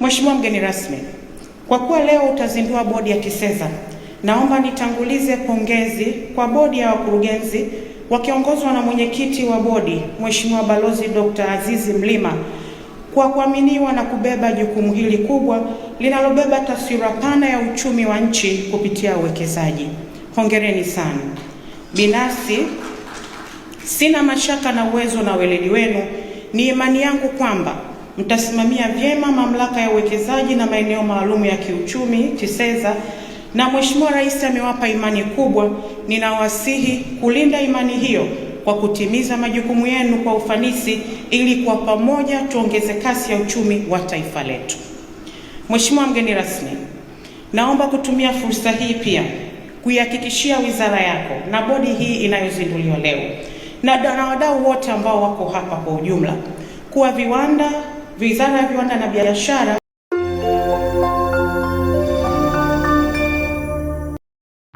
Mheshimiwa mgeni rasmi, kwa kuwa leo utazindua bodi ya Kiseza, naomba nitangulize pongezi kwa bodi ya wakurugenzi wakiongozwa na mwenyekiti wa bodi Mheshimiwa Balozi Dr. Azizi Mlima kwa kuaminiwa na kubeba jukumu hili kubwa linalobeba taswira pana ya uchumi wa nchi kupitia uwekezaji. Hongereni sana. Binafsi sina mashaka na uwezo na weledi wenu. Ni imani yangu kwamba mtasimamia vyema mamlaka ya uwekezaji na maeneo maalum ya kiuchumi TISEZA, na Mheshimiwa Rais amewapa imani kubwa. Ninawasihi kulinda imani hiyo kwa kutimiza majukumu yenu kwa ufanisi ili kwa pamoja tuongeze kasi ya uchumi wa taifa letu. Mheshimiwa mgeni rasmi, naomba kutumia fursa hii pia kuihakikishia wizara yako na bodi hii inayozinduliwa leo na wadau wote ambao wako hapa kwa ujumla kuwa viwanda Wizara ya Viwanda na Biashara